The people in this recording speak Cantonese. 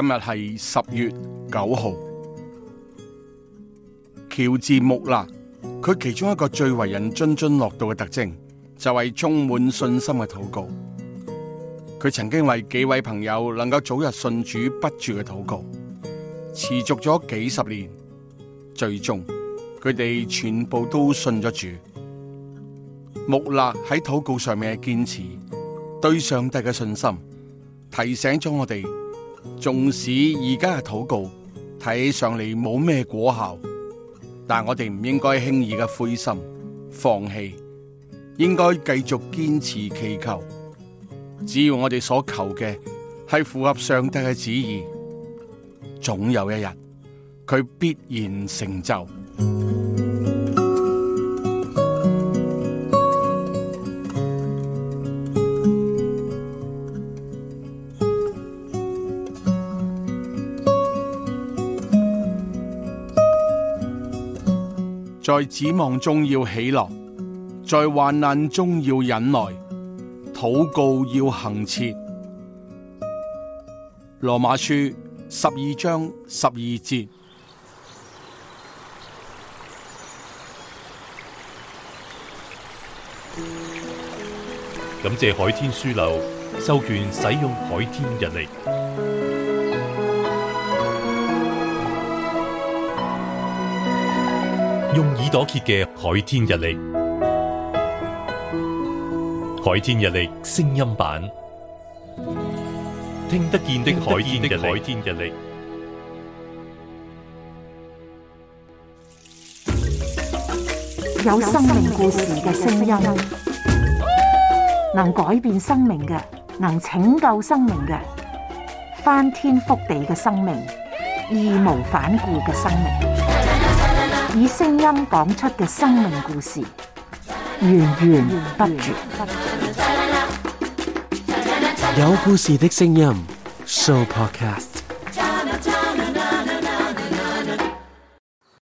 今日係十月九號。喬治穆勒，佢其中一個最為人津津樂道嘅特徵就係、是、充滿信心嘅禱告。佢曾經為幾位朋友能夠早日信主不住嘅禱告，持續咗幾十年，最終佢哋全部都信咗主。穆勒喺禱告上面嘅堅持，對上帝嘅信心，提醒咗我哋。縱使而家嘅禱告，睇起上嚟冇咩果效，但我哋唔應該輕易嘅灰心放棄，應該繼續堅持祈求。只要我哋所求嘅係符合上帝嘅旨意，總有一日佢必然成就。在指望中要喜樂，在患難中要忍耐，禱告要恆切。羅馬書十二章十二節。感謝海天書樓授權使用海天日曆。用耳朵揭嘅《海天日曆》，《海天日曆》聲音版，聽得見的《海天日曆》，有生命故事嘅聲音，能改變生命嘅，能拯救生命嘅，翻天覆地嘅生命，義無反顧嘅生命。以聲音講出嘅生命故事，源源不絕。有故事的聲音，Sooo Podcast。